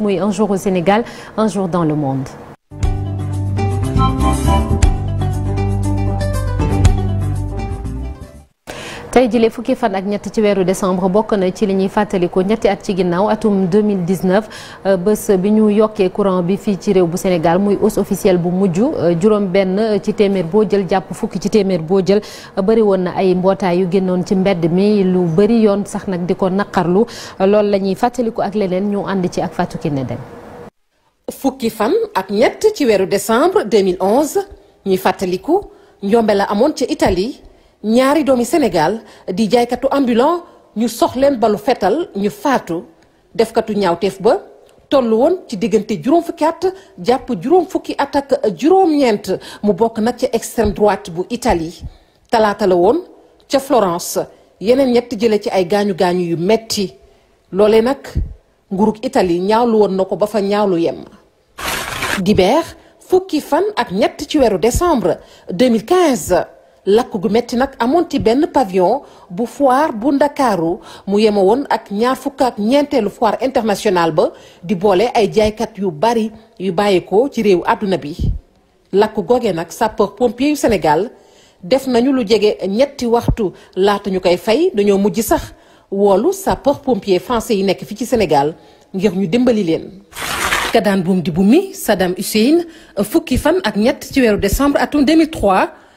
muy un jour au Sénégal un jour dans le monde tey jile fukki fan ak ñett ci weeru décembre bokk na ci li ñuy fàttaliku ñetti at ci ginnaaw atum 2019 euh, bés bi ñu yokkee courant bi fii ci réew bu Sénégal muy hausse officielle bu mujj euh, juróom benn ci téeméer boo jël jàpp fukki ci téeméer boo jël euh, bëri na ay mbootaay yu génnoon ci mbedd mi lu bëri yoon sax nag di ko naqarlu loolu la ñuy fàttaliku ak leneen ñu ànd ci ak Fatou ne dem fukki fan ak ñett ci weeru décembre 2011 ñuy fàttaliku njombe la amoon ci Italie ñaari doomi Sénégal di jaaykatu ambulant ñu soxleen balu fetal ñu faatu defkatu ñaawteef ba toll woon ci diggante juróom fukki at jàpp ak juróom-ñeent mu bokk nag ca extrême droite bu itali talaata la woon ca Florence yeneen ñett jële ci ay gaañu gaañu yu metti loole nag nguurug Italie ñaawlu woon na ko ba fa ñaawlu yem dibeer fukki fan ak ñett ci weeru décembre 2015 lakk gu metti nag amoon ci benn pavillon bu foire bu ndakaaru mu yema ak ñaar fukk ak ñeenteelu foire internationale ba di boole ay jaaykat yu bari yu bàyyeekoo ci réew àdduna bi lakk googee nag sapeur pompier yu Sénégal def nañu lu jege ñetti waxtu laata ñu koy fay dañoo mujj sax woolu sapeur pompier français yi nekk fi ci Sénégal ngir ñu dimbali leen ka daan buum di bu mi Saddam Hussein fukki fan ak ñett ci weeru décembre atum 2003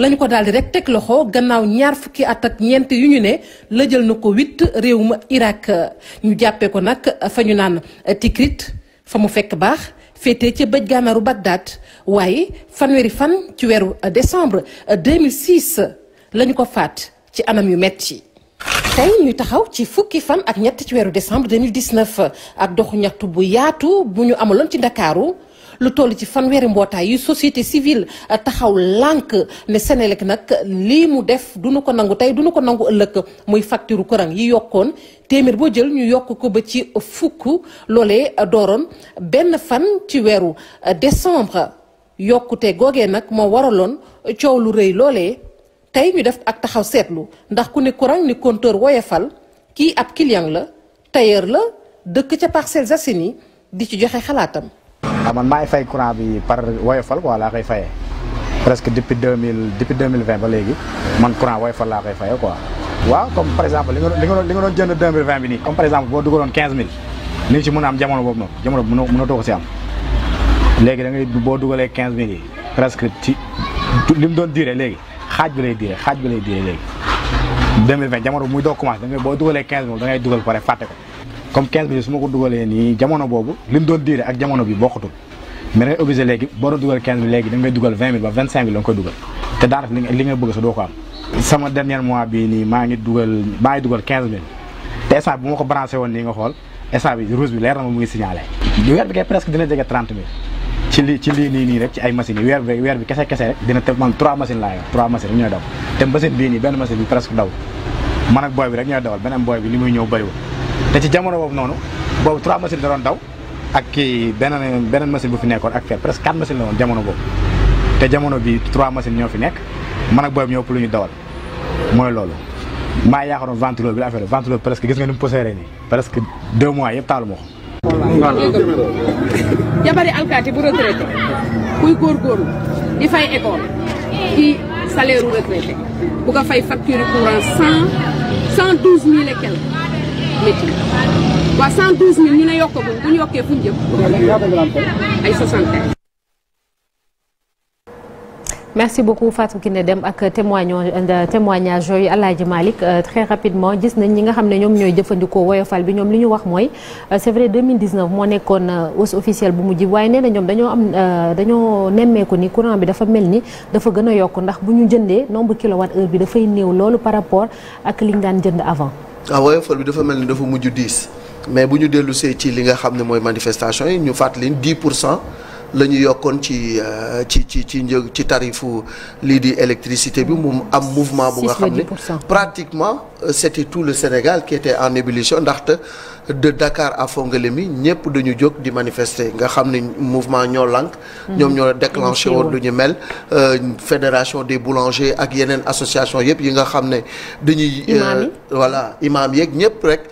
lañu ko daal di rek teg loxo gannaaw ñaar fukki at ak ñeent yu ñu ne la jël na ko huit ma Irak ñu jàppee ko nag fa ñu naan Tikrit fa mu fekk baax féete ci bëj gànnaaru Bagdad waaye fanweeri fan ci weeru décembre 2006 lañu ko faat ci anam yu metti tey ñu taxaw ci fukki fan ak ñett ci weeru décembre 2019 ak doxu ñaxtu bu yaatu bu ñu amaloon ci Ndakaaru lu toll ci fanweeri mbootaay yu société civile euh, taxaw lànk ne Senelec nag lii mu def duñu ko nangu tey duñu ko nangu ëllëg muy facture courant yi yokkoon téeméer boo jël ñu yokk ko ba ci fukk loole dooroon benn fan ci weeru euh, décembre yokkute googee nag moo waraloon coow lu rëy loole tey ñu def ak taxaw seetlu ndax ku ne courant ni compteur woyefal kii ab kiliyan la tailleur la dëkk ca Parcelles yi di ci joxe xalaatam waaw ah, man maay fay courant bi par woyofal quoi laa koy fayee presque depuis deux mille depuis deux mille vingt ba léegi man courant woyofal laa koy fayee quoi. waaw comme par exemple li nga doon nga doon jënd deux mille vingt bi nii comme par exemple boo dugaloon quinze mille li nga ci am jamono boobu noonu jamono bi mënatoo si am léegi da ngay boo dugalee quinze mille yi presque ci li mu doon diire léegi xaaj bi lay diire xaaj bi lay diire léegi deux mille vingt jamono boo dugalee quinze mille da ngay dugal pare fàtte comme 15 minutes su ma ko dugalee nii jamono boobu lim doon diire ak jamono bi bokkatul mais dangay boo doon dugal léegi da ngay dugal 20 minutes ba 25 minutes la nga koy dugal te daanaka li nga mois bii nii maa ngi dugal maa ngi dugal 15 bi bu ma ko branché woon nii nga xool instant bi rouge bi leer na ma mu ngi signalé. weer bi ay machines yi weer weer bi kese kese rek dina te man 3 machines laa yor 3 machines rek ñooy daw te machine bii nii benn machine bi presque daw man ak booy bi rek ñooy dawal beneen booy bi li muy ñëw bëriwul te ci jamono boobu noonu boobu trois machines da doon daw ak kii beneen beneen machine bu fi nekkoon ak fer presque quatre machines la woon jamono boobu te jamono bi trois machines ñoo fi nekk man ak boobu ñoo pour lu ñuy dawal mooy loolu maa yaakaaroon ventilo bi la affaire ventilo bi presque gis nga ni mu poseeree nii presque deux mois yëpp taalu ko métti na waa 112000 ñu ne yokkaguñ bu ñu yokkee fu ñu jëm. ay 75. merci beaucoup Fatou ak témoignage euh, témoignage yooyu Alaaji Malick euh, très rapidement gis nañ ñi nga xam ne ñoom ñooy jëfandikoo woyofal bi ñoom li ñu wax mooy euh, c'est vrai 2019 moo nekkoon hausse officielle bu mujj waaye nee na ñoom dañoo am dañoo nemmeeku ni courant bi dafa mel ni dafa gën a yokk ndax bu ñu jëndee nombre kilowatt heure bi dafay néew loolu par rapport ak li daan jënd avant. ah woyofal bi dafa mel ni dafa mujj diis mais bu ñu dellu see ci li nga xam ne mooy manifestation yi ñu fàttali 10 pour cent la ñu yokkoon ci euh, ci ci ci njëg ci tarifu lii di électricité bi mu am mouvement bu nga xam ne pratiquement euh, c'était tout le Sénégal qui était en ébullition ndaxte de Dakar à Fongolémi ñëpp dañu jóg di manifester nga xam ne mouvement ñoo lànk mm. ñoom ñoo déclenché woon lu ñu mel euh, fédération des boulangers ak yeneen association yëpp yi nga xam ne dañuy voilà imaam yeeg ñëpp rek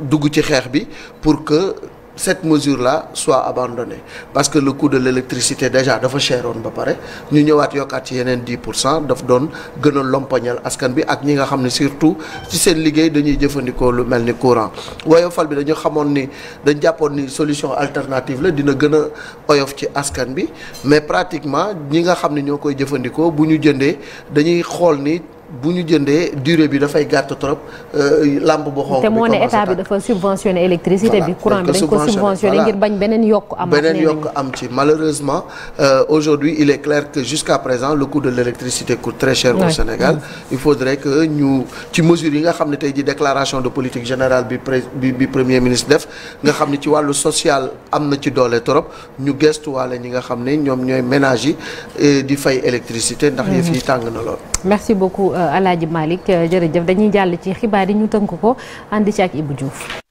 dugg ci xeex bi pour que cette mesure-là soit abandonnée parce que le coût de l'électricité déjà dafa cheroon ba pare ñu ñëwaat yokkaat ci yeneen 10 cent daf doon gën a lompañal askan bi ak ñi nga xam ne surtout ci seen liggéey dañuy jëfandikoo lu mel ni courant woyofal bi dañu xamoon ni dañ jàppoon ni solution alternative la dina gën a oyof ci askan bi mais pratiquement ñi nga xam ne ñoo koy jëfandikoo bu ñu jëndee dañuy xool ni bu ñu jëndee durée bi dafay gàtt trop euh, lampe bu xonq. te moo ne état bi dafa subventionné électricité bi courant bi dañ ko subventionné ngir bañ beneen yokk am beneen yokk am ci malheureusement euh, aujourd'hui il est clair que jusqu'à présent le coût de l'électricité coûte très cher au Sénégal il faudrait que ñu ci mesures yi nga xam ne tey ji déclaration de politique générale bi bi bi premier ministre def nga xam ne ci wàllu social am na ci doole trop ñu gestuwaale ñi nga xam ne ñoom ñooy ménage yi di fay électricité ndax yëf yi mm-hmm. tàng na lool merci beaucoup euh, Alaaji Malick euh, jërëjëf dañuy jàll ci xibaar yi ñu tënk ko ànd ci ak Ibou Diouf